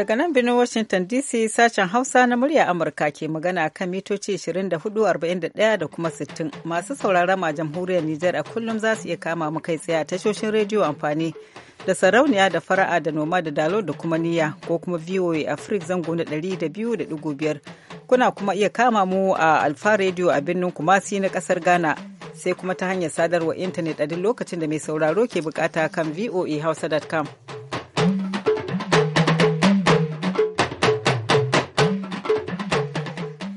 Daga nan birnin Washington DC sashen Hausa na murya Amurka ke magana kan mitoci 24,41 da kuma 60 masu sauraron ma jamhuriyar Nijar a kullum za su iya kama mu kai tsaye a tashoshin rediyo amfani da sarauniya da fara'a da noma da dalo da kuma niyya ko kuma VOA Africa zango na 200.5 kuna kuma iya kama mu a Alfa Radio a birnin Kumasi na kasar Ghana sai kuma ta hanyar sadarwa intanet a duk lokacin da mai sauraro ke bukata kan voahausa.com.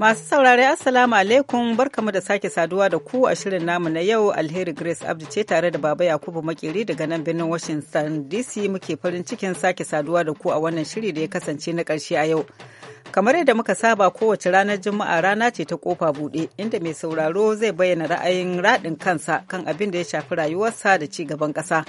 Masu saurare Assalamu alaikum barkamu da sake saduwa da ku a shirin namu na yau Alheri Grace Abdi ce tare da Baba Yakubu Makeri daga nan birnin Washington DC muke farin cikin sake saduwa da ku a wannan shiri da ya kasance na karshe a yau. Kamar yadda muka saba kowace ranar Juma'a rana ce ta kofa buɗe inda mai sauraro zai bayyana ra'ayin raɗin kansa kan abin da ya shafi rayuwarsa da ci gaban ƙasa.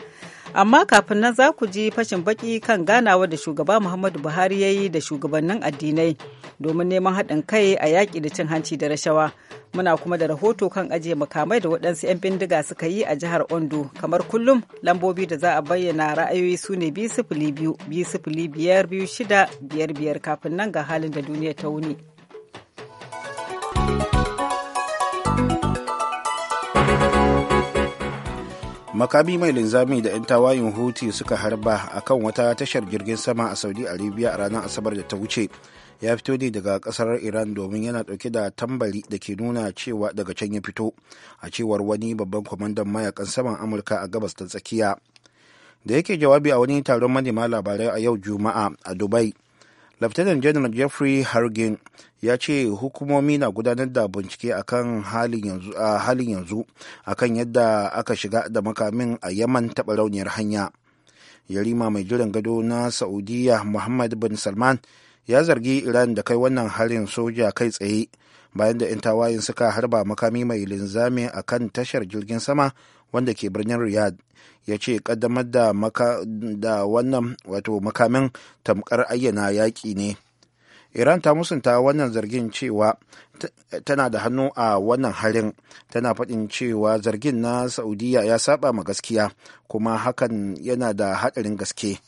amma kafin nan za ku ji fashin baki kan ganawa da shugaba muhammadu buhari ya yi da shugabannin addinai domin neman haɗin kai a yaƙi da cin hanci da rashawa muna kuma da rahoto kan ajiye makamai da waɗansu 'yan bindiga suka yi a jihar ondo kamar kullum lambobi da za a bayyana ra'ayoyi su ne biyu sifili biyu biyu sifili biyar biyu shida biyar biyar kafin nan ga halin da duniya ta wuni. makami mai linzami da 'yan tawayin huti suka harba a kan wata tashar jirgin sama a saudi arabia a ranar asabar da ta wuce ya fito ne daga kasar iran domin yana dauke da tambali da ke nuna cewa daga can ya fito a cewar wani babban kwamandan mayakan saman amurka a gabas ta tsakiya da yake jawabi a wani taron manema labarai a yau juma'a a dubai Laftanan Janar Jeffrey Hargin ya ce hukumomi na gudanar da bincike kan halin yanzu a halin akan yadda aka shiga da makamin a Yaman taɓa rauniyar hanya. Yarima mai jiran gado na Saudiya Muhammad bin Salman ya zargi Iran da kai wannan harin soja kai tsaye bayan da 'yan tawayin suka harba makami mai linzami a kan tashar jirgin sama wanda ke birnin riyadh ya ce kaddamar da wannan wato makamin tamkar ayyana yaƙi ne iran ta musunta wannan zargin cewa tana da hannu a wannan harin tana faɗin cewa zargin na saudiya ya saba ma gaskiya kuma hakan yana da haɗarin gaske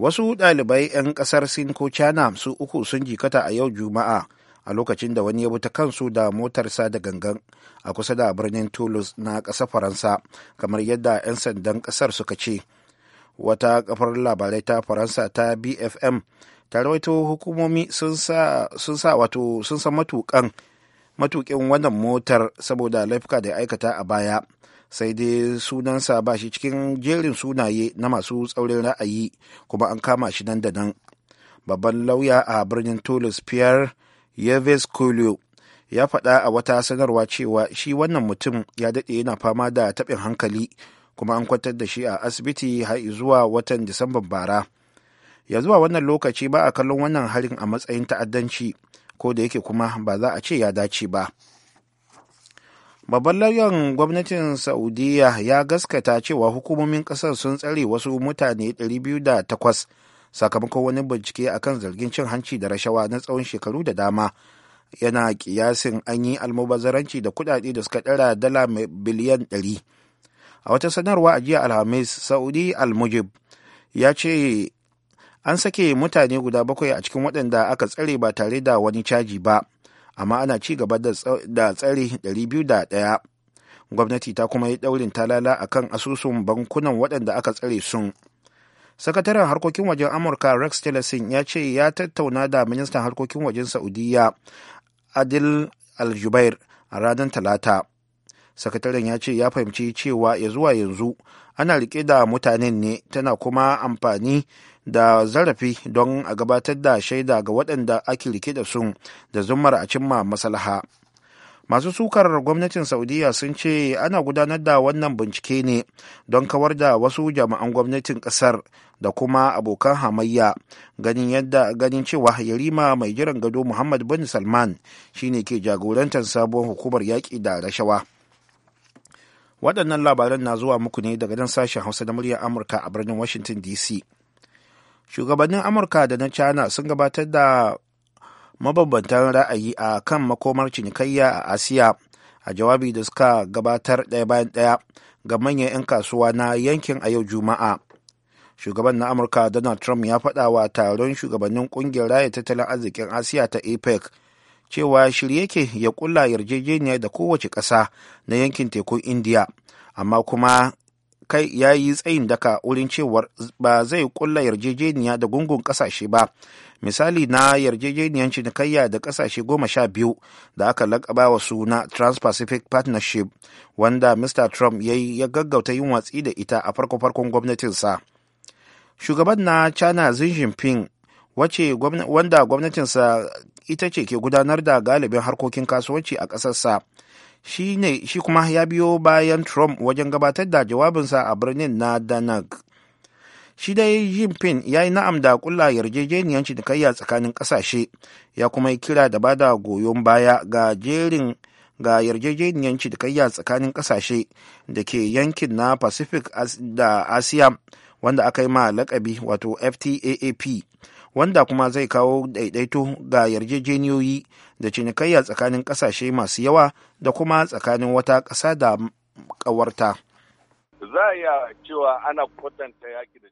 wasu ɗalibai 'yan ƙasar sin ko china su uku sun jikata a yau juma'a a lokacin da wani ya ta kansu da motarsa da gangan a kusa da birnin toulouse na ƙasar faransa kamar yadda 'yan sandan ƙasar suka ce wata kafar labarai ta faransa ta bfm ta rawaito hukumomi sun sa wato sun sa matukan matukin wannan motar saboda laifuka da aikata a baya sai dai sunansa ba shi cikin jerin sunaye na masu tsaurin ra'ayi kuma an kama shi nan da nan babban lauya a birnin toulouse pierre Yves Kulu ya faɗa a wata sanarwa cewa shi wannan mutum ya daɗe yana fama da taɓin hankali kuma an kwantar da shi a asibiti har zuwa watan Disamban bara. Ya zuwa wannan lokaci ba a kallon wannan harin a matsayin ta'addanci ko da yake kuma ba za a ce ya dace ba. Babban lauyan gwamnatin Saudiya ya gaskata cewa hukumomin ƙasar sun tsare wasu mutane 208 sakamakon wani bincike akan zargin cin hanci da rashawa na tsawon shekaru da dama yana kiyasin an yi almubazaranci da kuɗaɗe da suka dara dala biliyan ɗari. a wata sanarwa a jiya alhamis saudi almujib ya ce an sake mutane guda bakwai a cikin waɗanda aka tsare ba tare da wani caji ba amma ana ci gaba da tsare 201 gwamnati ta kuma yi ɗaurin talala akan asusun bankunan waɗanda aka tsare sun sakataren harkokin wajen amurka rex tillerson ya ce ya tattauna da ministan harkokin wajen saudiya adil aljubair a ranar talata sakataren ya ce ya fahimci cewa ya zuwa yanzu ana rike da mutanen ne tana kuma amfani da zarafi don a gabatar da shaida ga waɗanda ake rike da sun da zumar a cimma maslaha. masu sukar gwamnatin saudiya sun ce ana gudanar da wannan bincike ne don kawar da wasu jami'an gwamnatin kasar da kuma abokan hamayya ganin yadda ganin cewa yarima mai jiran gado muhammad bin salman shine ke jagorantar sabon hukumar yaƙi da rashawa waɗannan labaran na zuwa muku ne daga nan sashen hausa na muryar amurka a birnin washington dc shugabannin amurka da na china sun gabatar da mabambantan ra'ayi a kan makomar cinikayya a asiya a jawabi da suka gabatar ɗaya bayan ɗaya ga manyan 'yan kasuwa na yankin a yau juma'a shugaban na amurka donald trump ya faɗa wa taron shugabannin ƙungiyar raya tattalin arzikin asiya ta apec cewa shirye yake ya kulla yarjejeniya da kowace ƙasa na yankin tekun indiya amma kuma kai ya yi tsayin daka wurin cewar ba zai kulla yarjejeniya da gungun ƙasashe ba misali na yarjejeniyar cinikayya da kasashe goma sha biyu da aka lakaba wa suna trans-pacific partnership wanda mr trump ya ya gaggauta yin watsi da ita a farko-farkon gwamnatinsa shugaban na china xi jinping wanda gwamnatinsa ita ce ke gudanar da galibin harkokin kasuwanci a ƙasarsa shi kuma ya biyo bayan trump wajen gabatar da jawabinsa a birnin na danag shi dai jinping ya yi na'am da kulla yarjejeniyar cinikayya tsakanin kasashe ya kuma yi kira da bada goyon baya ga jerin ga yarjejeniyar cinikayya tsakanin kasashe da ke yankin na pacific da asiya wanda aka yi ma lakabi wato ftaap wanda kuma zai kawo daidaito ga yarjejeniyoyi da cinikayya tsakanin kasashe masu yawa da kuma tsakanin wata kasa da ƙawarta. za a iya cewa ana kwatanta yaki da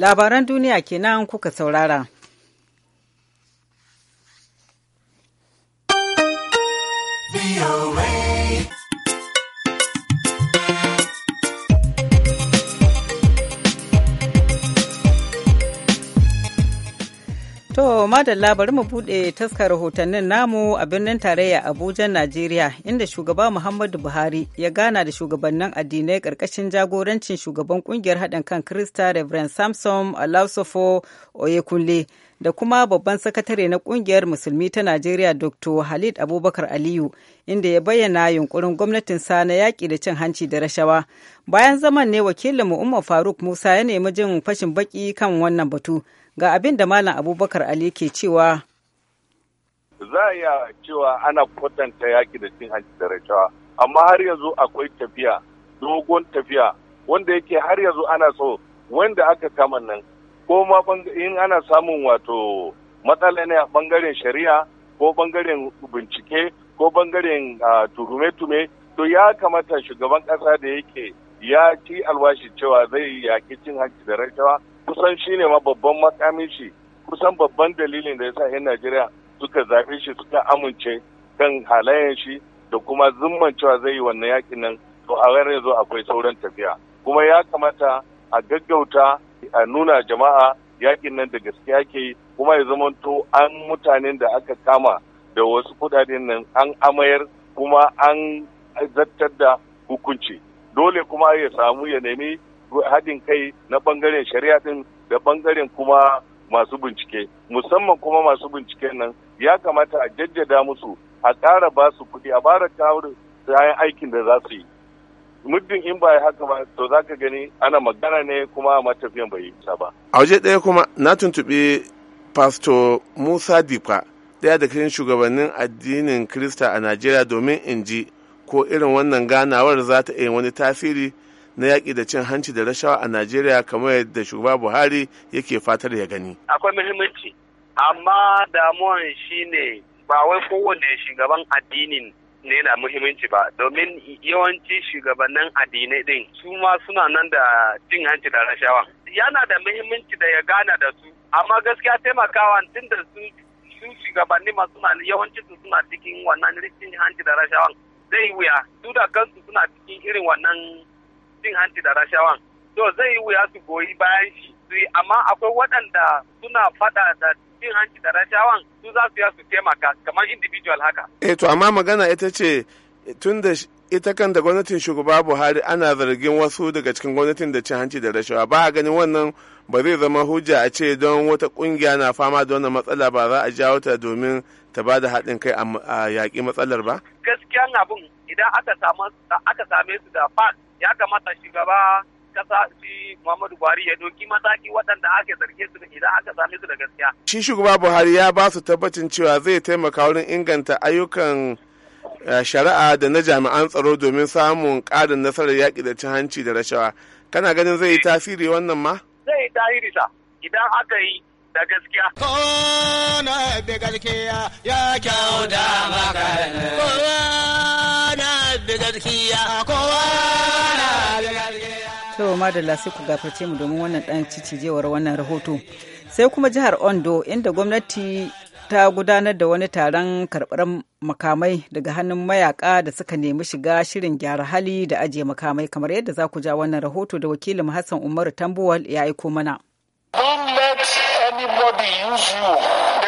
labaran duniya kenan kuka saurara. VOA. To, madalla bari mu buɗe taska rahotannin namu a birnin tarayya Abuja, Najeriya, inda shugaba Muhammadu Buhari ya gana da shugabannin addinai ƙarƙashin jagorancin shugaban ƙungiyar haɗin kan Krista Reverend Samson Alausofo Oyekunle da kuma babban sakatare na ƙungiyar Musulmi ta Najeriya Dr. Halid Abubakar Aliyu, inda ya bayyana yunkurin gwamnatinsa na yaƙi da cin hanci da rashawa. Bayan zaman ne wakilinmu Umar Faruk Musa ya nemi jin fashin baki kan wannan batu. Ga abin da Malam Abubakar Ali ke cewa. Za a iya cewa ana kwatanta yaki da cin hanci da rashawa, amma har yanzu akwai tafiya, dogon tafiya, wanda yake har yanzu ana so wanda aka kama nan, ko ma in ana samun wato matsala ne a bangaren shari'a ko bangaren bincike ko bangaren tuhume-tume to ya kamata shugaban kasa da yake ya ci alwashi cewa zai yaki cin hanci da rashawa kusan shi ne ma babban makamin shi kusan babban dalilin da ya sa 'yan Najeriya suka zaɓe shi suka amince kan halayen shi da kuma zumman cewa zai yi wannan yakin nan to a yanzu akwai sauran tafiya kuma ya kamata a gaggauta a nuna jama'a yakin nan da gaske ake yi kuma ya to an mutanen da aka kama da wasu kudaden nan an amayar kuma an zartar da hukunci dole kuma ya samu ya nemi haɗin kai na bangaren shari'a din da ɓangaren kuma masu bincike musamman kuma masu bincike nan ya kamata a jaddada musu a ƙara ba su kuɗi a bara kawo kayan aikin da za su yi muddin in ba haka ba to za ka gani ana magana ne kuma matafiyan bai yi ba. a waje ɗaya kuma na tuntuɓi pasto musa dipa ɗaya da cikin shugabannin addinin krista a najeriya domin in ji ko irin wannan ganawar za ta iya wani tasiri na yaƙi da cin hanci da rashawa a Najeriya kamar yadda shugaba Buhari yake fatar ya gani. Akwai muhimmanci, amma damuwan shine ba wai kowane shugaban addinin ne na muhimmanci ba domin yawanci shugabannin addinai din su ma suna nan da cin hanci da rashawa yana da muhimmanci da ya gana da su amma gaskiya taimakawa tun da su shugabanni masu suna yawanci su suna cikin wannan rikin hanci da rashawa zai wuya su da kansu suna cikin irin wannan cin hanci da rashawan to zai yi wuya su goyi bayan shi amma akwai waɗanda suna fada da cin hanci da rashawan su za su ya su taimaka kamar individual haka eh to amma magana ita ce tun da ita kan da gwamnatin shugaba buhari ana zargin wasu daga cikin gwamnatin da cin hanci da rashawa ba a ganin wannan ba zai zama hujja a ce don wata kungiya na fama da wannan matsala ba za a jawo ta domin ta ba da haɗin kai a yaƙi matsalar ba gaskiyan abin idan aka same su da fat ya kamata shugaba kasa shi Muhammadu Buhari ya doki mataki waɗanda ake zarge su idan aka same su da gaskiya. Shi shugaba Buhari ya ba su tabbacin cewa zai taimaka wurin inganta ayyukan eh, shari'a da na jami'an tsaro domin samun ƙarin nasarar yaƙi da cin hanci da rashawa. Kana ganin zai yi eh. tasiri wannan ma? Zai yi tasiri sa idan aka yi da gaskiya. bi gaskiya ya kyauta kowa na bi gaskiya kowa na bi gaskiya. madalla sai ku mu domin wannan dan cicijewar wannan rahoto. Sai kuma jihar Ondo inda gwamnati ta gudanar da wani taron karɓar makamai daga hannun mayaka da suka nemi shiga shirin gyara hali da ajiye makamai kamar yadda za ku ja wannan rahoto da wakilin Hassan Umaru Tambuwal ya aiko mana. anybody use you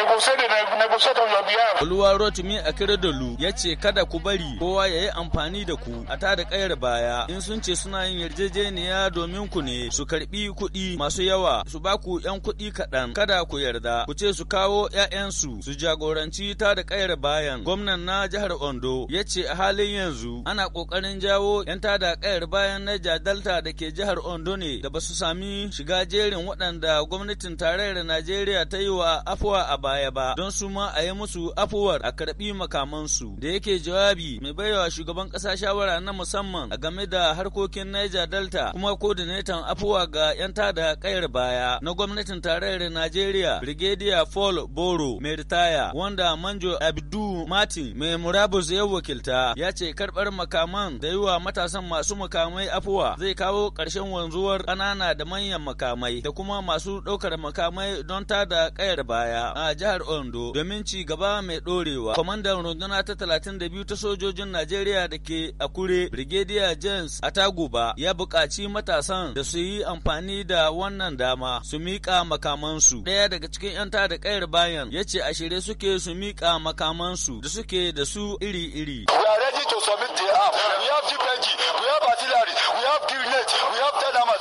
Oluwa Rotimi Akeredolu ya ce kada ku bari kowa ya yi amfani da ku a ta da kayar baya in sun ce suna yin yarjejeniya domin ku ne su karbi kuɗi masu yawa su ba ku 'yan kuɗi kaɗan kada ku yarda ku ce su kawo 'ya'yansu su jagoranci ta da kayar bayan gwamnan na jihar Ondo ya ce a halin yanzu ana ƙoƙarin jawo 'yan da kayar bayan na Delta da ke jihar Ondo ne da ba su sami shiga jerin waɗanda gwamnatin tarayyar Najeriya ta yi wa afuwa a baya. baya ba don su ma a yi musu afuwar a karɓi makamansu da yake jawabi mai baiwa shugaban ƙasa shawara na musamman a game da harkokin Niger Delta kuma kodinetan afuwa ga 'yan tada kayar baya na gwamnatin tarayyar Najeriya Brigadier Paul Boro mai ritaya wanda Manjo Abdu Martin mai murabus ya wakilta ya ce karɓar makaman da yi wa matasan masu makamai afuwa zai kawo ƙarshen wanzuwar ƙanana da manyan makamai da kuma masu ɗaukar makamai don tada kayar baya a jihar Ondo domin ci gaba mai ɗorewa. Kwamandan runduna ta 32 ta sojojin Najeriya da ke Akure, Brigadier James Ataguba ya buƙaci matasan da su yi amfani da wannan dama su miƙa makamansu. Ɗaya daga cikin 'yan ta da ƙayar bayan ya ce a shirye suke su miƙa makamansu da suke da su iri-iri. We are ready to submit the app. We have GPG, we have artillery, we have grenade, we have dynamite.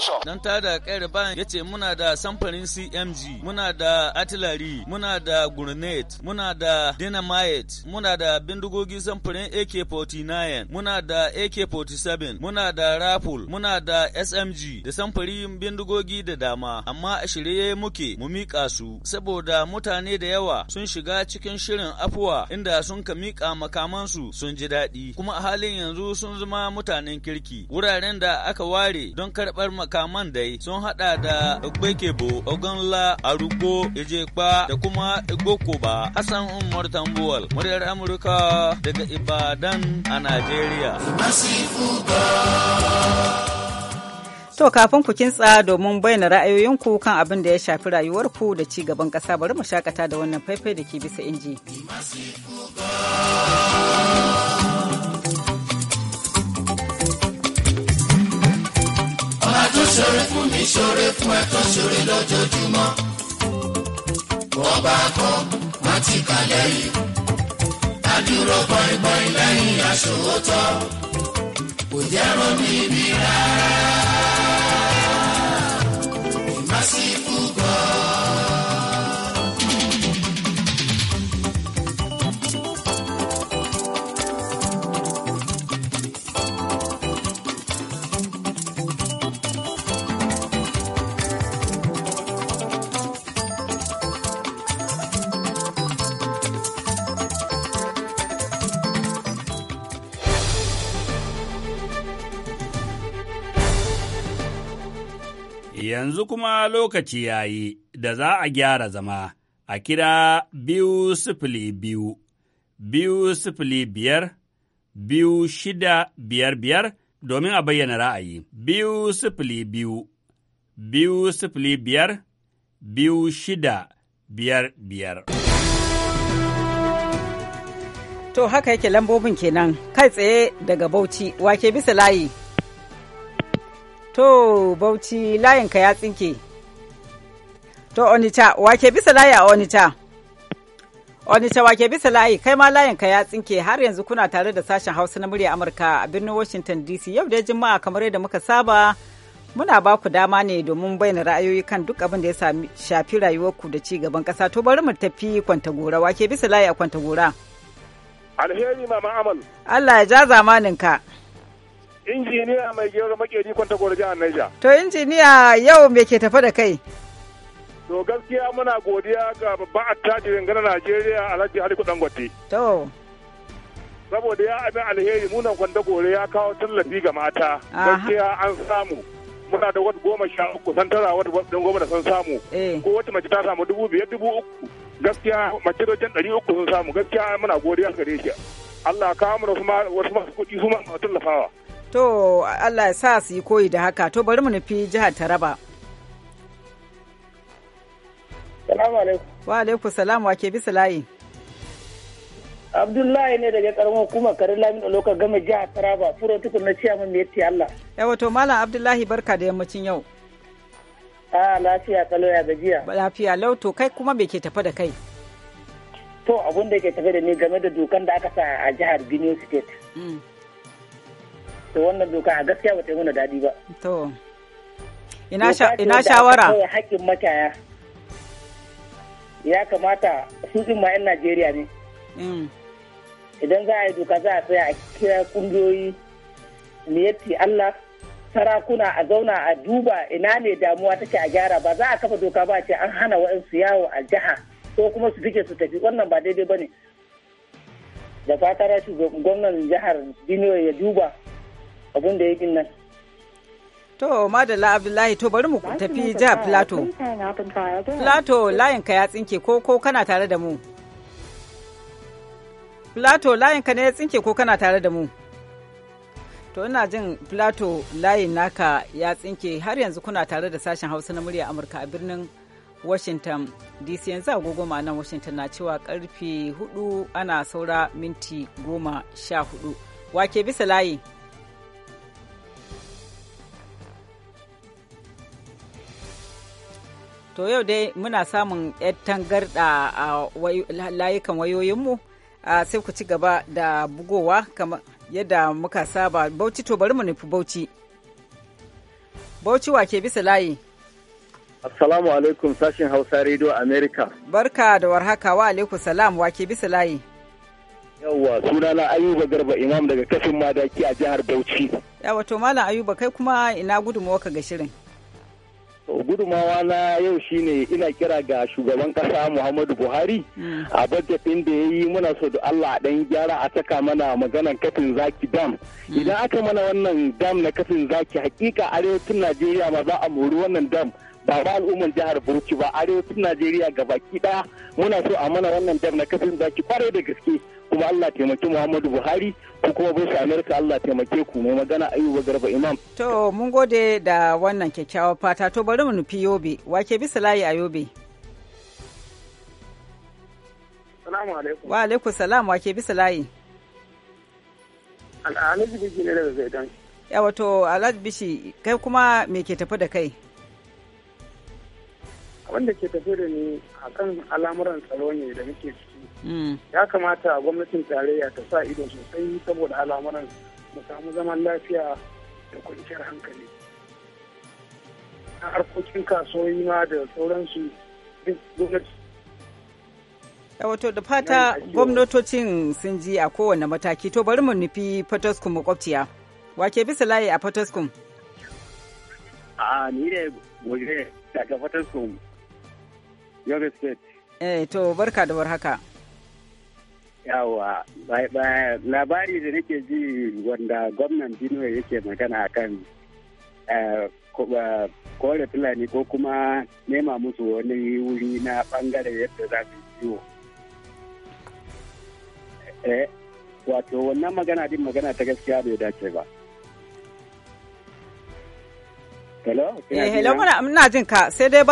Johnson. Dan da kayar ban ya ce muna da samfarin CMG, muna da artillery, muna da grenade, muna da dynamite, muna da bindigogi samfarin AK-49, muna da AK-47, muna da rifle, muna da SMG da samfarin bindigogi da dama, amma a shirye muke mu miƙa su saboda mutane da yawa sun shiga cikin shirin afuwa inda sun ka miƙa makamansu sun ji daɗi kuma a halin yanzu sun zama mutanen kirki wuraren da aka ware don karɓar makaman dai sun hada da Ogbekebo, Ogunla, Arugbo, Ejepa da kuma Igbokoba. Hassan Umar Tambuwal, muryar Amurka daga Ibadan a Najeriya. To kafin ku kintsa domin bayyana ra'ayoyinku kan abin da ya shafi rayuwarku da ci gaban ƙasa bari mu shakata da wannan faifai da ke bisa inji. ṣoore fún mi ṣoore fún ẹ tó ṣoore lójoojúmọ́. bọ́ba kọ́ má ti kà lẹ́yìn. adúró bọ́ìbọ́ì lẹ́yìn aṣòwòtọ́. kò jẹ́ ronú ibi rárá. kuma lokaci ya yi da za a gyara zama a kira biyu sifili biyu, biyu sifili biyar, biyu shida biyar biyar domin a bayyana ra'ayi. Biyu sifili biyu, biyu sifili biyar, biyu shida biyar biyar. To haka yake lambobin kenan kai tsaye daga Bauchi wake bisa layi. To Bauchi layinka ya tsinke. To Onita wake bisa layi a Onita. Onita wake bisa layi kai ma layinka ya tsinke har yanzu kuna tare da sashen Hausa na murya Amurka a birnin Washington DC yau da jima'a kamar yadda muka saba muna ba ku dama ne domin bayyana ra'ayoyi kan duk abin da ya shafi rayuwarku da ci gaban ƙasa to bari mu tafi gora wake bisa layi a gora. Alheri mama amal. Allah ya ja zamanin ka. injiniya mai gero makeri kwanta gore jihar Niger. To injiniya yau me ke tafa da kai? To gaskiya muna godiya ga babban attajirin gana Najeriya Alhaji Aliko Dangote. To. Saboda ya abin alheri munan kwanta gore ya kawo tallafi ga mata. Gaskiya an samu. Muna da wata goma sha uku tara wata goma da san samu. Eh. Ko wata mace ta samu dubu biyar dubu uku. gaskiya mace dojen ɗari uku sun samu gaskiya muna godiya gare shi Allah kawo mana wasu masu kuɗi su ma tallafawa. To Allah ya sa su yi koyi da haka to bari mu nufi jihar Taraba. Salamu alaikum. Wa alaikum salam wa ke bisa layi. Abdullahi ne daga karamar hukumar kare lamin da lokar game jihar Taraba furo tukun na ciyaman mai yatti Allah. Yawa to Malam Abdullahi barka da yammacin yau. A lafiya kalo ya gajiya. Lafiya lau to kai kuma me ke tafa da kai? To abun da ke tafe da ni game da dokan da aka sa a jihar Benue State. Mm. to wannan doka a gaskiya ba ta yi mana dadi ba to ina shawara haƙƙin makaya ya kamata su ɗin ma 'yan najeriya ne mm. idan za a yi doka za a tsaya a kira ƙungiyoyi miyatti allah sarakuna a zauna a duba ina ne damuwa take a gyara ba za a kafa doka ba ce an hana wa'ansu yawo a jiha ko kuma su fike su tafi wannan ba daidai ba ne da shugaban gwamnan jihar Benue ya duba abin da ya din nan To, Madala Abdullahi, to bari mu tafi jihar Filato. layin layinka ya tsinke ko ko kana tare da mu? Plato layinka ne ya tsinke ko kana tare da mu? To, ina jin Filato layin naka ya tsinke har yanzu kuna tare da sashen Hausa na murya Amurka a birnin Washington DC yanzu agogo nan Washington na cewa karfe hudu ana saura minti goma sha hudu. Wake bisa layi? To yau dai muna samun 'yar tangarɗa a layukan wayoyinmu sai ku ci gaba da bugowa kamar yadda muka saba bauchi to bari mu nufi bauchi. Bauchi wa ke bisa layi. Assalamu alaikum sashin Hausa Radio America. Barka da warhaka wa alaikum salam wa ke bisa layi. Yawwa sunana Ayuba Garba Imam daga kafin madaki a jihar Bauchi. Yawwa to Malam Ayuba kai kuma ina gudunmawa ka ga shirin. gudumawa na yau shine ina kira ga shugaban kasa muhammadu buhari a budgetin da ya yi muna so da allah dan gyara a saka mana maganan kafin zaki dam idan hmm. aka mana wannan dam na kafin zaki hakika arewacin najeriya ma za a mori wannan dam ba ba al'umman jihar bauchi ba arewacin najeriya ga baki muna so a mana wannan dam na kafin zaki kwarai da gaske kuma Allah taimaki Muhammadu Buhari ko kuma bai Amerika Allah taimake ku mai magana Ayuba Garba Imam. To mun gode da wannan kyakkyawar fata to bari mu nufi Yobe wake bisa layi a Yobe. Salamu alaikum. Wa alaikum salam wake bisa layi. Al'adu Bishi ne da zai Yawa to Alhaji Bishi kai kuma me ke tafi da kai? Wanda ke tafi da ni akan al'amuran tsaro ne da muke su hmm. ya kamata gwamnatin tarayya ta sa ido sosai saboda al'amuran mu samu zaman lafiya da kwanciyar hankali na harkokin kasuwanci ma da sauransu duk gwamnati wato da fata gwamnatocin sun ji a kowane mataki to bari mu nufi fataskum makwabciya wake bisa layi a fataskum a ni ne waje daga fataskum yoga state eh to barka da haka. yawa labari da nake ji wanda gwamnan benue yake magana akan eh, kore fulani ko kuma nema musu wani wuri na bangare yadda za su ciwo eh, wato wannan magana din magana ta gaskiya bai dace ba Hello? Eh, muna ina jin ka sai dai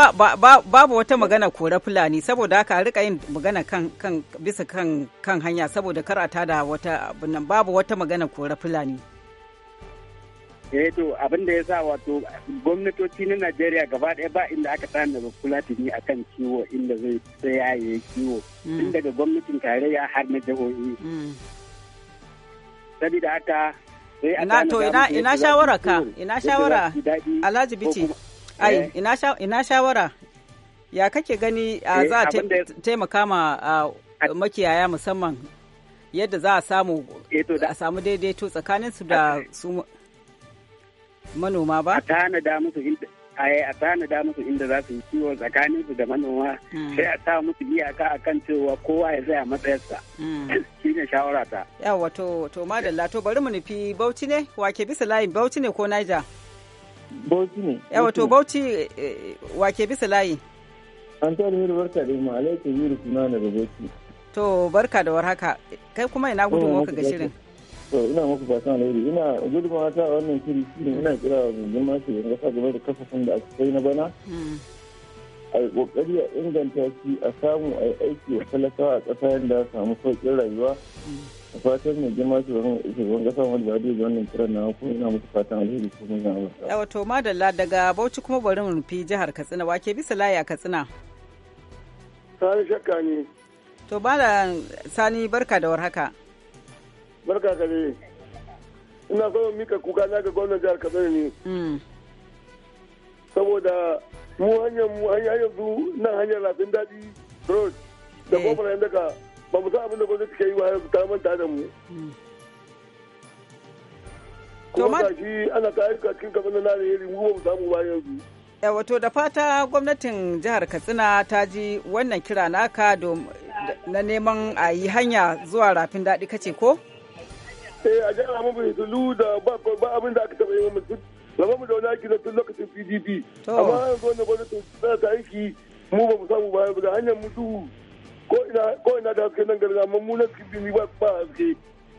babu wata magana kore Fulani saboda haka rika yin magana kan kan bisa kan kan hanya saboda kar a tada wata nan babu wata magana kore Fulani. Eh to abin da ya sa wato gwamnatoci na Najeriya gaba ɗaya ba inda aka tsana da a akan kiwo inda zai tsaya ya yi kiwo mm. tun daga gwamnatin tarayya har na jihohi. Mm. Sabida haka Eh, ina to ina ina shawara ka ina shawara alhaji Bichi ai eh. ina ina shawara ya kake gani eh, za a taimaka ma makiyaya musamman yadda za a samu a samu daidaito tsakanin su da su manoma ba a da musu a a tanada musu inda za su yi kiwo tsakanin su da manoma hmm. sai a sa musu iyaka kan cewa kowa ya a matsayarsa hmm. shi ne shawara ta yawa to to madalla to bari mu nufi bauchi ne wake bisa layin bauchi ne ko naija bauchi ne yawa to bauchi eh, wake bisa layi an ta da barka da mu alaikum hiru kuna daga bauchi to barka da warhaka kai kuma ina gudunmu oh, ka ga shirin to ina muku fatan alheri ina mata ta wannan shiri shine ina kira wa mai girma shi in gasa game da kasafin da aka kai na bana a yi kokari a inganta shi a samu a yi aiki wa talakawa a ƙasa yadda a samu sauƙin rayuwa a fatan mai girma shi wani shugaban ƙasa wanda ba da wannan kiran na ku ina muku fatan alheri ko mun gama. yawa to madalla daga bauchi kuma bari mu fi jihar katsina wake bisa laya katsina. sani shakka ne. to bala sani barka da warhaka. haka. barka ka dai ina so mika kuka na ga gwamnan jihar katsina ne hmm. saboda mu hanyar mu hanyar yanzu nan hanyar rafin daɗi road da eh. kofar yan ka ba mu san abin da gwamnati ke yi wa yanzu ta manta da mu hmm. kuma ga shi ana ta aika cikin kafin na alheri mu ba mu samu ba yanzu wato da fata gwamnatin jihar katsina ta ji wannan kira naka na neman a yi hanya zuwa rafin daɗi kace ko? eh a jihar mu bai tulu da ba abin da aka taɓa yi mu tun zama mu zauna aiki da tun lokacin PDP amma yanzu wannan gwamnati tana ta aiki mu ba mu samu ba ga hanyar mu duhu ko ina ko ina da haske nan garga amma mu na cikin ba ba haske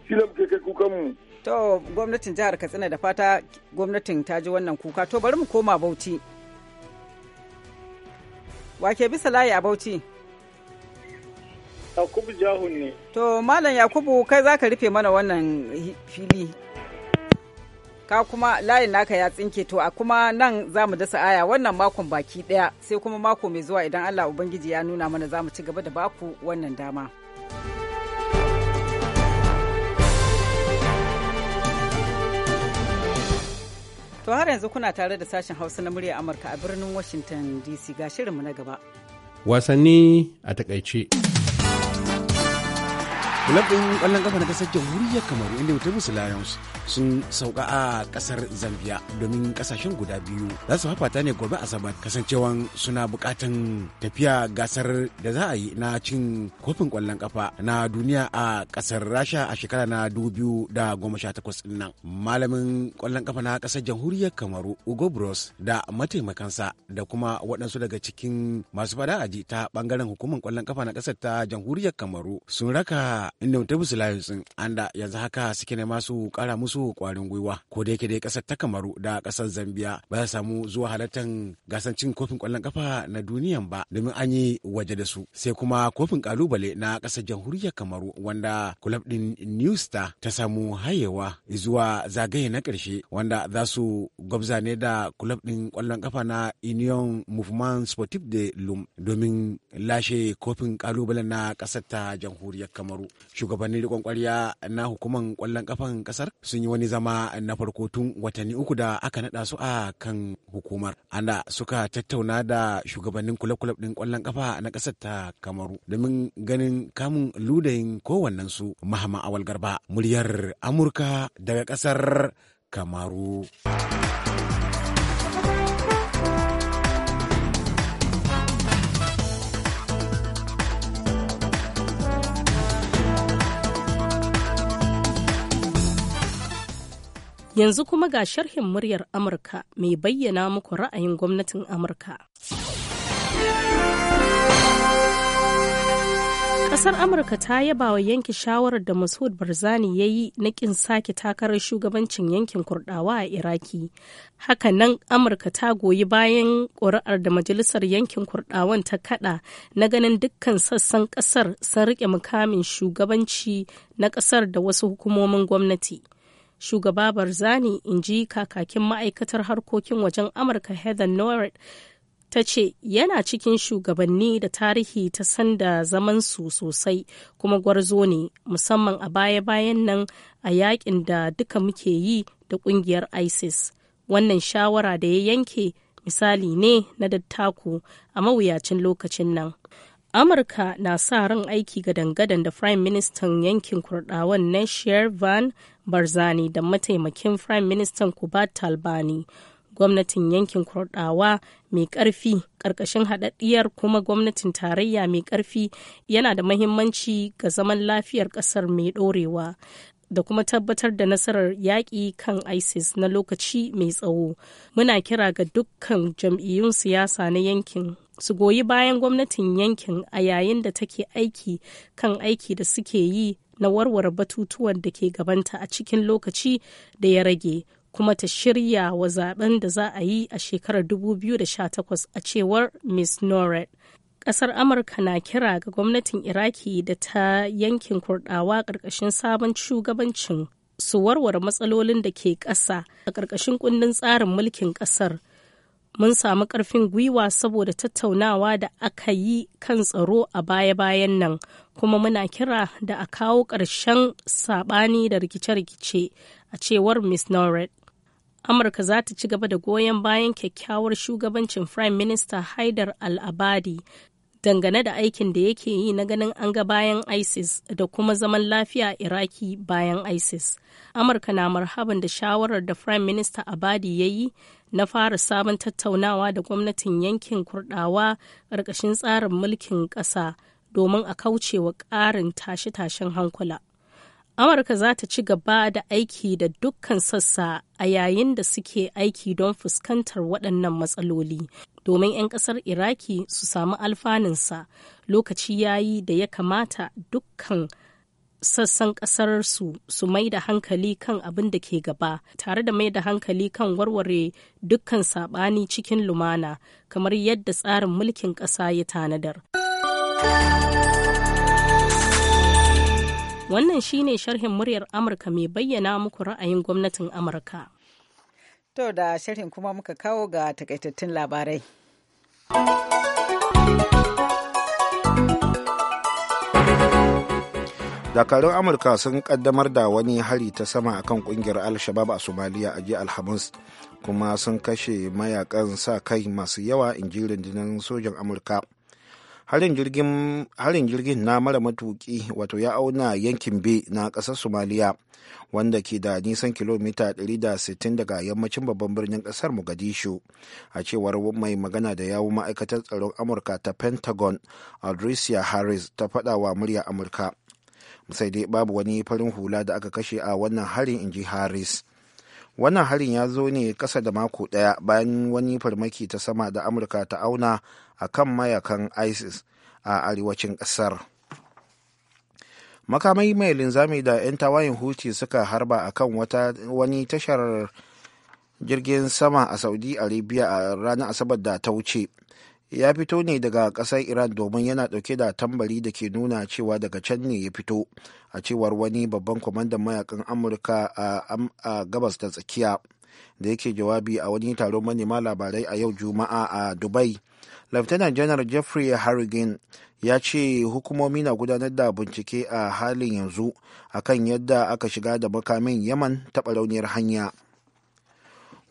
shi ne muke kai kukan mu to gwamnatin jihar Katsina da fata gwamnatin ta ji wannan kuka to bari mu koma Bauchi wake bisa layi a Bauchi Yakubu Jahun ne. To Malam Yakubu kai za ka rufe mana wannan fili. Ka kuma layin naka ya tsinke to a kuma nan za mu dasa aya wannan makon baki ɗaya sai kuma mako mai zuwa idan Allah Ubangiji ya nuna mana za mu ci gaba da baku wannan dama. To har yanzu kuna tare da sashen Hausa na murya Amurka a birnin Washington DC ga shirinmu na gaba. Wasanni a takaice. Kulab kwallon kafa na ƙasar jamhuriyar Kamaru inda Wutabusu Lions sun sauka a ƙasar Zambia domin ƙasashen guda biyu za su hafata ne gobe Asabar kasancewan suna buƙatan tafiya gasar da za a yi na cin kofin kwallon kafa na duniya a ƙasar Rasha a shekara na takwas nan. Malamin kwallon kafa na kasar jamhuriyar Kamaru Ugo Bros da mataimakansa da kuma waɗansu daga cikin masu fada aji ta bangaren hukumar kwallon kafa na ƙasar ta jamhuriyar Kamaru sun raka inda mutum lions din anda yanzu haka suke nema su kara musu kwarin gwiwa ko da yake dai kasar ta kamaru da kasar zambia ba za samu zuwa halartar gasar cin kofin kwallon kafa na duniyan ba domin an yi waje da su sai kuma kofin kalubale na kasar jamhuriyar kamaru wanda kulab din new star ta samu hayewa zuwa zagaye na karshe wanda za su gwabza ne da kulab din kwallon kafa na union movement sportif de lum domin lashe kofin kalubale na kasar ta jamhuriyar kamaru shugabannin rikon kwarya na hukumar ƙwallon ƙafan ƙasar sun yi wani zama na farko tun watanni uku da aka naɗa su a kan hukumar ana suka tattauna da shugabannin kulakulab kulab din kwallon kafa na kasar ta kamaru domin ganin kamun ludayin kowannen su mahama awal garba muryar amurka daga ƙasar kamaru Yanzu kuma ga sharhin muryar Amurka mai bayyana muku ra'ayin gwamnatin Amurka. Ƙasar Amurka ta yaba wa yanke shawarar da Masud Barzani ya yi na ƙin sake takarar shugabancin yankin Kurɗawa a Iraki. haka nan Amurka ta goyi bayan ƙuri'ar da Majalisar Yankin Kurɗawan ta kaɗa na ganin dukkan sassan ƙasar sun riƙe mukamin shugabanci na ƙasar da wasu hukumomin gwamnati. shugaba barzani in ji kakakin ma'aikatar harkokin wajen amurka heather norwood ta ce yana cikin shugabanni da tarihi ta sanda zaman su sosai kuma gwarzo ne musamman a baya-bayan nan a yakin da duka muke yi da kungiyar isis wannan shawara da ya yanke misali ne na dattako a mawuyacin lokacin nan Amurka na sa ran aiki ga dangadan da Prime Minister yankin kurdawan na Sher Van Barzani da mataimakin Prime Minister Kubat Talbani. Gwamnatin yankin kurdawa mai ƙarfi ƙarƙashin haɗaɗɗiyar kuma gwamnatin tarayya mai ƙarfi yana da mahimmanci ga zaman lafiyar ƙasar mai ɗorewa. da kuma tabbatar da nasarar yaƙi kan isis na lokaci mai tsawo muna kira ga dukkan jam'iyyun siyasa na yankin su goyi bayan gwamnatin yankin a yayin da take aiki kan aiki da suke yi na warware batutuwan da ke gabanta a cikin lokaci da ya rage kuma ta shirya wa zaben da za a yi a shekarar 2018 a cewar miss norad kasar Amurka na kira ga gwamnatin Iraki da ta yankin kurdawa ƙarƙashin sabon shugabancin su warware matsalolin da ke ƙasa a ƙarƙashin kundin tsarin mulkin ƙasar. mun samu ƙarfin gwiwa saboda tattaunawa da aka yi kan tsaro a baya-bayan nan kuma muna kira da a kawo ƙarshen saɓani da rikice-rikice a cewar miss norred amurka za ta ci gaba da goyon bayan kyakkyawar shugabancin prime minister haidar al-abadi dangane da aikin da yake yi na ganin an ga bayan isis da kuma zaman lafiya iraki bayan isis amurka na marhaban da shawarar da prime minister abadi ya yi na fara sabon tattaunawa da gwamnatin yankin kurdawa ƙarƙashin tsarin mulkin ƙasa domin a kauce wa ƙarin tashe-tashen hankula Amurka za ta ci gaba da aiki da dukkan sassa a yayin da suke aiki don fuskantar waɗannan matsaloli domin 'yan ƙasar Iraki su samu alfaninsa lokaci yayi da ya kamata dukkan sassan ƙasar su su mai da hankali kan abin da ke gaba tare da mai da hankali kan warware dukkan saɓani cikin lumana kamar yadda tsarin mulkin ƙasa ya tanadar. Wannan shine sharhin muryar Amurka mai bayyana muku ra'ayin gwamnatin Amurka. To da sharhin kuma muka kawo ga takaitattun labarai. dakarun amurka sun kaddamar da wani hari ta sama akan kungiyar al-shabab a somaliya a jiya alhamis kuma sun kashe mayakan sa kai masu yawa in ji rundunar sojan amurka harin jirgin na mara matuki wato ya auna yankin be na ƙasar somaliya wanda ke da nisan kilomita 160 daga yammacin babban birnin ƙasar mogadishu a cewar mai magana da yawun ma'aikatar tsaron amurka ta pentagon adricia harris ta faɗa wa murya amurka sai dai babu wani farin hula da aka kashe a wannan harin inji harris wannan harin ya zo ne kasa da mako daya bayan wani farmaki ta sama da amurka ta auna a kan mayakan isis a arewacin kasar makamai mai linzami da 'yan tawayen huti suka harba a kan wani tashar jirgin sama a saudi arabia a ranar asabar da ta wuce ya fito ne daga ƙasar iran domin yana ɗauke da tambari da ke nuna cewa daga can ne ya fito a cewar wani babban kwamandan mayakan amurka a gabas da tsakiya da yake jawabi a wani taron manema labarai a yau juma'a a dubai lieutenant general jeffrey harrigan ya ce hukumomi na gudanar da bincike a halin yanzu akan yadda aka shiga da makamin yaman taɓa rauniyar hanya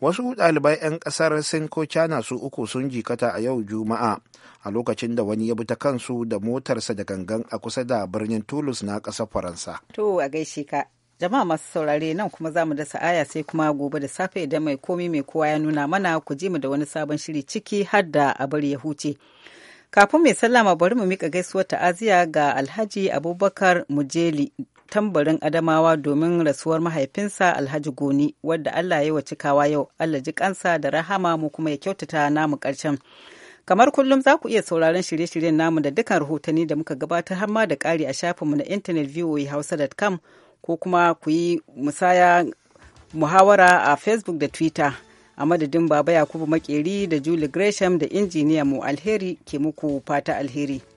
wasu ɗalibai 'yan ƙasar sin ko china su uku sun jikata a yau juma'a a lokacin da wani ya bi ta kansu da motarsa da gangan a kusa da birnin tulus na ƙasar faransa to a gaishe ka jama'a masu saurare nan kuma zamu mu da sa'aya sai kuma gobe da safe idan mai komi mai kowa ya nuna mana ku ji mu da wani sabon shiri ciki har da a bari ya huce kafin mai sallama bari mu mika gaisuwar ta'aziya ga alhaji abubakar mujeli tambarin adamawa domin rasuwar mahaifinsa alhaji goni wadda allah ya kawa yau allah ji kansa da rahama mu kuma ya kyautata namu karshen kamar kullum za ku iya sauraron shirye-shiryen namu da dukkan rahotanni da muka gabatar har ma da ƙari a shafinmu na intanet voahausa.com ko kuma ku yi musaya muhawara a facebook da twitter a madadin baba yakubu makeri da julie gresham da injiniya mu alheri ke muku fata alheri